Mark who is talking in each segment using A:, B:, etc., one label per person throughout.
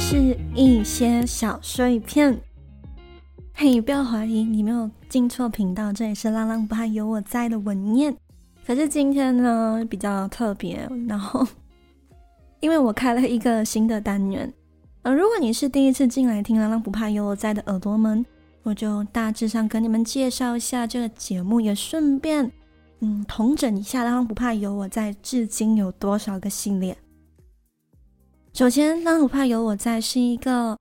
A: 是一些小碎片。嘿、hey，不要懷疑你沒有進錯頻道，這裡是“浪浪不怕有我在”的文念。可是今天呢，比較特別，然後因為我開了一個新的單元。嗯、呃，如果你是第一次進來聽“浪浪不怕有我在”的耳朵們，我就大致上跟你們介紹一下這個節目，也順便嗯，統整一下“浪浪不怕有我在”至今有多少個系列。首先，浪浪不怕，有我在是一個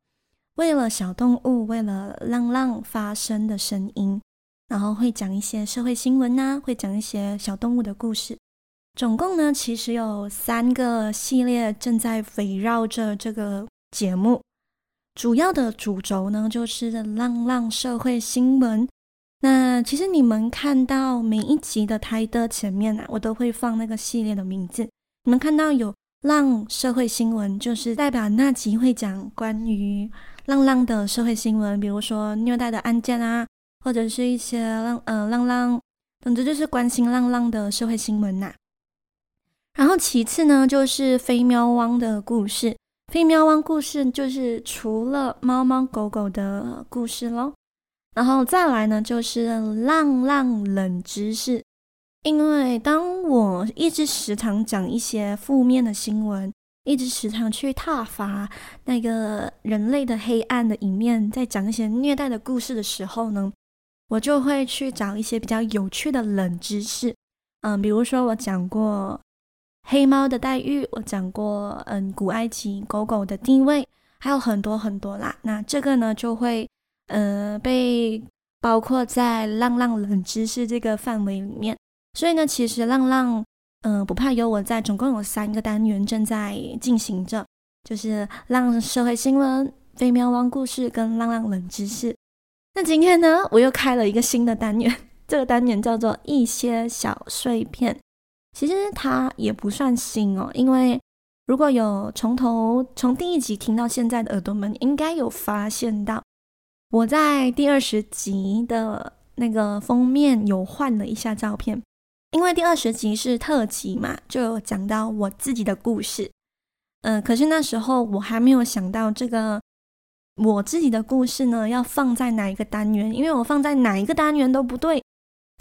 A: 為了小動物、為了浪浪發聲的聲音，然後會講一些社會新聞啊，會講一些小動物的故事。總共呢，其實有三個系列正在圍繞着這個節目，主要的主軸呢就是浪浪社會新聞。那其實你們看到每一集的 title 前面啊，我都會放那個系列的名字，你們看到有。浪社會新聞就是代表那集會講關於浪浪的社會新聞，比如說虐待的案件啊，或者是一些浪呃浪浪，總之就是關心浪浪的社會新聞吶、啊。然後其次呢，就是飛喵汪的故事。飛喵汪故事就是除了貓貓狗狗的故事咯。然後再來呢，就是浪浪冷知識。因為當我一直時常講一些負面的新聞，一直時常去撻伐那個人類的黑暗的一面，在講一些虐待的故事的時候呢，我就會去找一些比較有趣的冷知識。嗯，比如說我講過黑貓的待遇，我講過嗯古埃及狗狗的定位，還有很多很多啦。那這個呢，就會嗯，呃，被包括在“浪浪冷知識”這個範圍裡面。所以呢，其實浪浪，嗯、呃，不怕有我在，總共有三個單元正在進行着，就是浪社會新聞、飛喵汪故事跟浪浪冷知識。那今天呢，我又開了一個新的單元，這個單元叫做一些小碎片。其實它也不算新哦，因為如果有從頭從第一集聽到現在的耳朵們，應該有發現到我在第二十集的那個封面有換了一下照片。因為第二十集是特輯嘛，就有講到我自己的故事。嗯，可是那時候我還沒有想到這個我自己的故事呢，要放在哪一個單元，因為我放在哪一個單元都不對。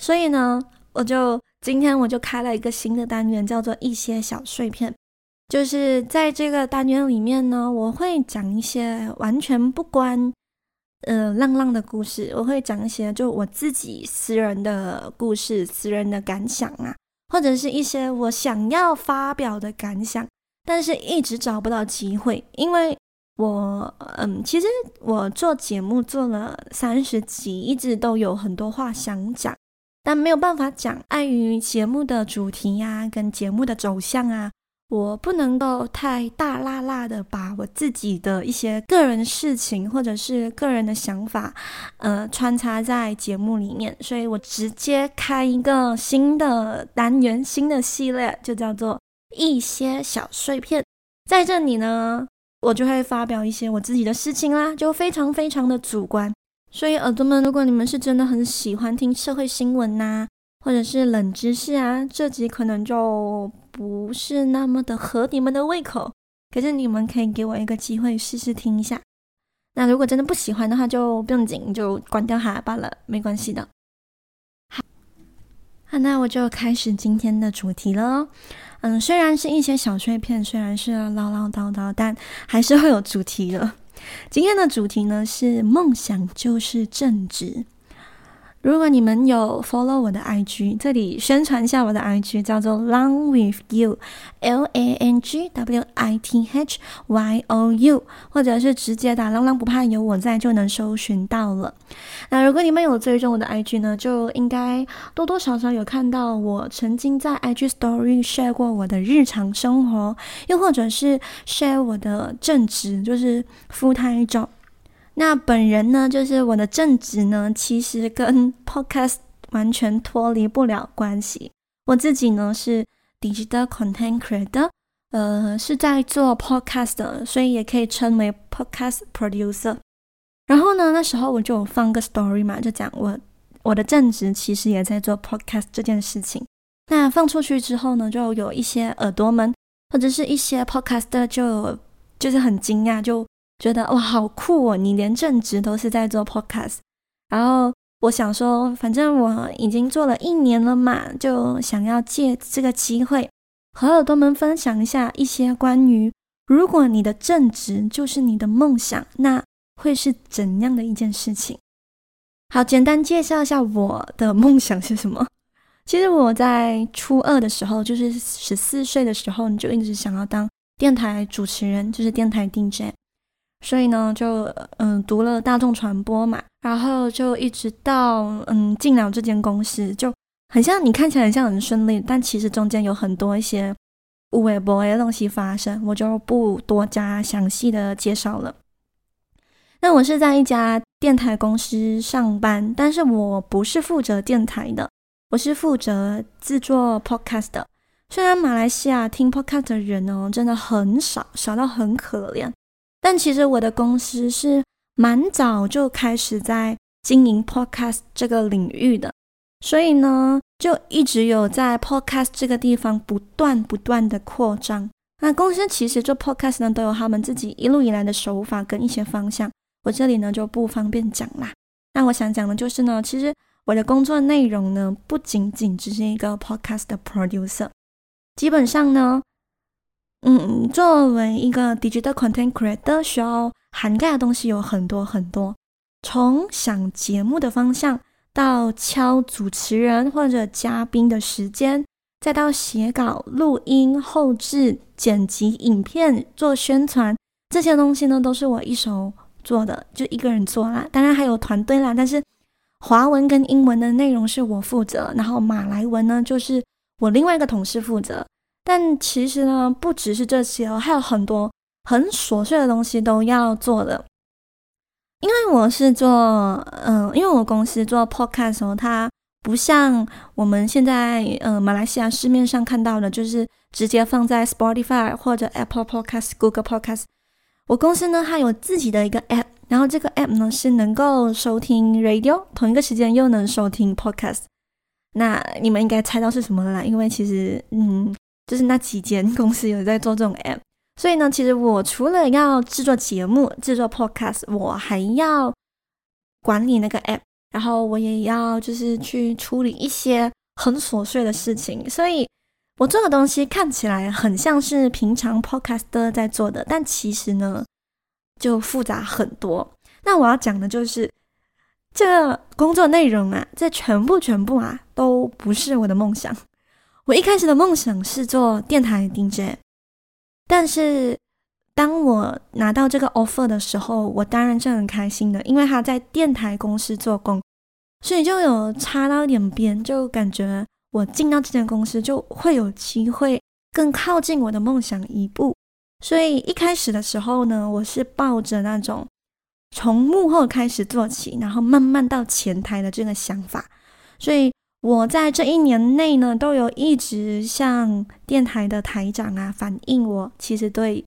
A: 所以呢，我就今天我就開了一個新的單元，叫做一些小碎片。就是在這個單元裡面呢，我會講一些完全不關。嗯，浪浪的故事，我會講一些，就我自己私人的故事、私人的感想啊，或者是一些我想要發表的感想，但是一直找不到機會，因為我，嗯，其實我做節目做了三十集，一直都有很多話想講，但沒有辦法講，礙於節目的主題呀，跟節目的走向啊。我不能夠太大剌剌的把我自己的一些個人事情或者是個人的想法，呃，穿插在節目裡面，所以我直接開一個新的單元、新的系列，就叫做《一些小碎片》。在這裡呢，我就會發表一些我自己的事情啦，就非常非常的主觀。所以耳朵們，如果你們是真的很喜歡聽社會新聞吶、啊，或者是冷知識啊，這集可能就不是那麼的合你們的胃口，可是你們可以給我一個機會試試聽一下。那如果真的不喜歡的話，就不用緊，就關掉它罷了，沒關係的。好，好，那我就開始今天的主題了。嗯，雖然是一些小碎片，雖然是嘮嘮叨叨、叨，但還是會有主題的。今天的主題呢是夢想就是正職。如果你們有 follow 我的 IG，這裡宣傳一下我的 IG 叫做 Lang with you，L A N G W I T H Y O U，或者是直接打“浪浪不怕有我在”就能搜尋到了。那如果你們有追蹤我的 IG 呢，就應該多多少少有看到我曾經在 IG Story share 過我的日常生活，又或者是 share 我的正職，就是 full time job。那本人呢，就是我的正職呢，其實跟 podcast 完全脫離不了關係。我自己呢是 digital content creator，呃，是在做 podcast 的，所以也可以稱為 podcast producer。然後呢，那時候我就放個 story 嘛，就講我我的正職其實也在做 podcast 這件事情。那放出去之後呢，就有一些耳朵們或者是一些 podcaster 就就是很驚訝，就。覺得哇、哦，好酷哦！你連正職都是在做 podcast，然後我想說，反正我已經做了一年了嘛，就想要借這個機會和耳朵們分享一下一些關於，如果你的正職就是你的夢想，那會是怎樣的一件事情？好，簡單介紹一下我的夢想是什麼。其實我在初二的時候，就是十四歲的時候，你就一直想要當電台主持人，就是電台 DJ。所以呢，就嗯讀了大眾傳播嘛，然後就一直到嗯進了這間公司，就很像你看起來很像很順利，但其實中間有很多一些烏黑駁的東西發生，我就不多加詳細的介紹了。那我是在一家電台公司上班，但是我不是負責電台的，我是負責製作 podcast 的。雖然馬來西亞聽 podcast 的人哦真的很少，少到很可憐。但其實我的公司是蠻早就開始在經營 podcast 這個領域的，所以呢，就一直有在 podcast 這個地方不斷不斷的擴張。那公司其實做 podcast 呢，都有他們自己一路以來的手法跟一些方向，我這裡呢就不方便講啦。那我想講的就是呢，其實我的工作內容呢，不僅僅只是一個 podcast 的 producer，基本上呢。嗯，作為一個 digital content creator，需要涵蓋的東西有很多很多，從想節目的方向到敲主持人或者嘉賓的時間，再到寫稿、錄音、後製、剪輯影片、做宣傳，這些東西呢都是我一手做的，就一個人做啦，當然還有團隊啦，但是華文跟英文的內容是我負責，然後馬來文呢就是我另外一個同事負責。但其實呢，不只是這些哦，還有很多很瑣碎的東西都要做的。因為我是做，嗯、呃，因為我公司做 podcast 哦，它不像我們現在，嗯、呃，馬來西亞市面上看到的，就是直接放在 Spotify 或者 Apple Podcast、Google Podcast。我公司呢，它有自己的一個 app，然後這個 app 呢是能夠收聽 radio，同一個時間又能收聽 podcast。那你們應該猜到是什麼了啦？因為其實，嗯。就是那幾間公司有在做這種 app，所以呢，其實我除了要製作節目、製作 podcast，我還要管理那個 app，然後我也要就是去處理一些很瑣碎的事情。所以，我做的東西看起來很像是平常 podcaster 在做的，但其實呢，就複雜很多。那我要講的就是，這個工作內容啊，這個全部全部啊，都不是我的夢想。我一開始的夢想是做電台 DJ，但是當我拿到這個 offer 的時候，我當然是很開心的，因為他在電台公司做工，所以就有插到一點邊，就感覺我進到這間公司就會有機會更靠近我的夢想一步。所以一開始的時候呢，我是抱着那種從幕後開始做起，然後慢慢到前台的這個想法，所以。我在這一年內呢，都有一直向電台的台長啊反映我，我其實對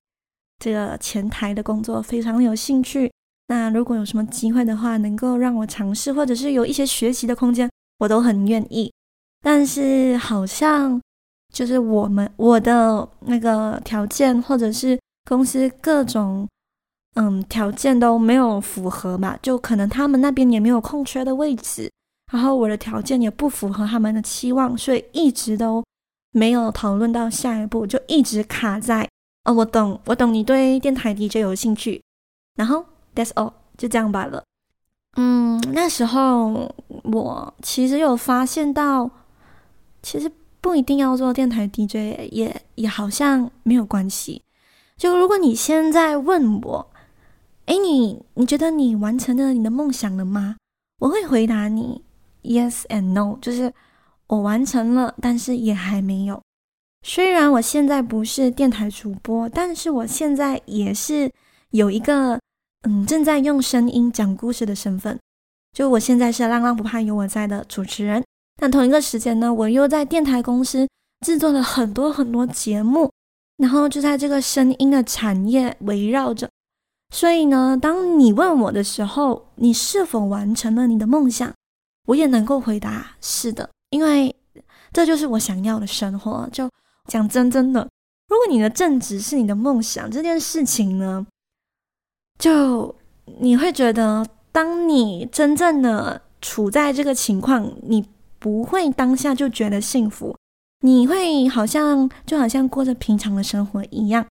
A: 這個前台的工作非常有興趣。那如果有什麼機會的話，能夠讓我嘗試，或者是有一些學習的空間，我都很願意。但是好像就是我們我的那個條件，或者是公司各種嗯條件都沒有符合嘛，就可能他們那邊也沒有空缺的位置。然後我的條件也不符合他們的期望，所以一直都沒有討論到下一步，就一直卡在啊、哦，我懂我懂你對電台 DJ 有興趣，然後 That's all，就這樣罷了。嗯，那時候我其實有發現到，其實不一定要做電台 DJ，也也好像沒有關係。就如果你現在問我，誒，你你覺得你完成了你的夢想了嗎？我會回答你。Yes and no，就是我完成了，但是也還沒有。雖然我現在不是電台主播，但是我現在也是有一個嗯正在用聲音講故事的身份。就我現在是《浪浪不怕有我在》的主持人，但同一個時間呢，我又在電台公司制作了很多很多節目，然後就在這個聲音的產業圍繞着。所以呢，當你問我的時候，你是否完成了你的夢想？我也能夠回答，是的，因為這就是我想要的生活。就講真真的，如果你的正職是你的夢想這件事情呢，就你會覺得，當你真正的處在這個情況，你不會當下就覺得幸福，你會好像就好像過着平常的生活一樣。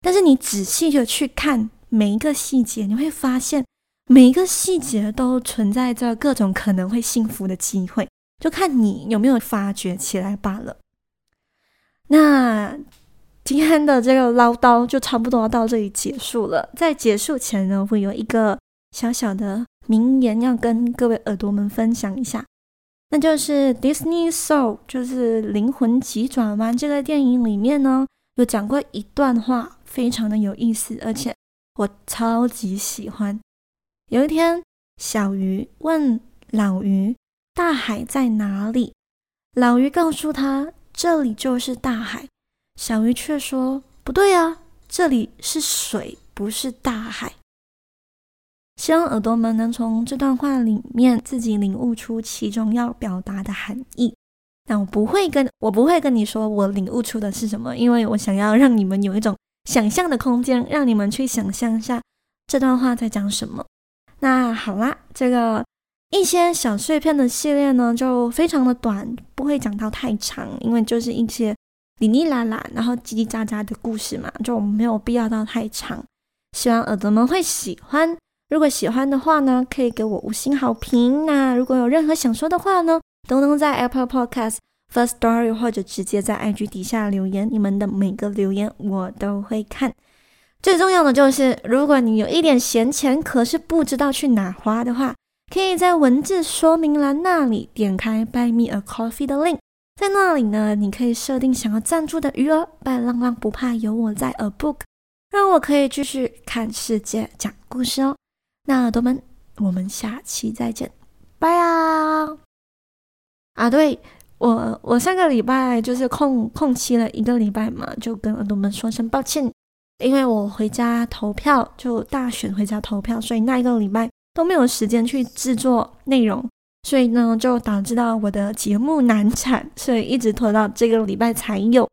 A: 但是你仔細的去看每一個細節，你會發現。每一個細節都存在着各種可能會幸福的機會，就看你有沒有發掘起來罷了。那今天的這個嘮叨就差不多要到這裡結束了。在結束前呢，會有一個小小的名言要跟各位耳朵們分享一下，那就是《Disney Soul》，就是《靈魂急轉彎》這個電影裡面呢，有講過一段話，非常的有意思，而且我超級喜歡。有一天，小魚問老魚：“大海在哪裡？”老魚告訴他：“這裡就是大海。”小魚卻說：“不對啊，這裡是水，不是大海。”希望耳朵們能從這段話裡面自己領悟出其中要表達的含義。但我不會跟，我不會跟你說我領悟出的是什麼，因為我想要讓你們有一種想象的空間，讓你們去想象一下這段話在講什麼。那好啦，這個一些小碎片的系列呢，就非常的短，不會講到太長，因為就是一些里里啦啦，然後嘰嘰喳喳的故事嘛，就沒有必要到太長。希望耳朵們會喜歡，如果喜歡的話呢，可以給我五星好評。那如果有任何想說的話呢，都能在 Apple Podcast First Story 或者直接在 IG 底下留言，你們的每個留言我都會看。最重要的就是，如果你有一點閒錢，可是不知道去哪花的話，可以在文字說明欄那裡點開 “Buy me a coffee” 的 link，在那裡呢，你可以設定想要贊助的餘額。拜浪浪不怕有我在，a book，讓我可以繼續看世界、講故事哦。那耳朵們，我們下期再見，拜呀！啊，對，我我上個禮拜就是空空期了一個禮拜嘛，就跟耳朵們說聲抱歉。因為我回家投票，就大選回家投票，所以那一個禮拜都沒有時間去制作內容，所以呢就導致到我的節目難產，所以一直拖到這個禮拜才有。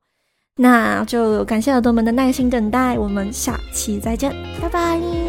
A: 那就感謝耳朵們的耐心等待，我們下期再見，拜拜。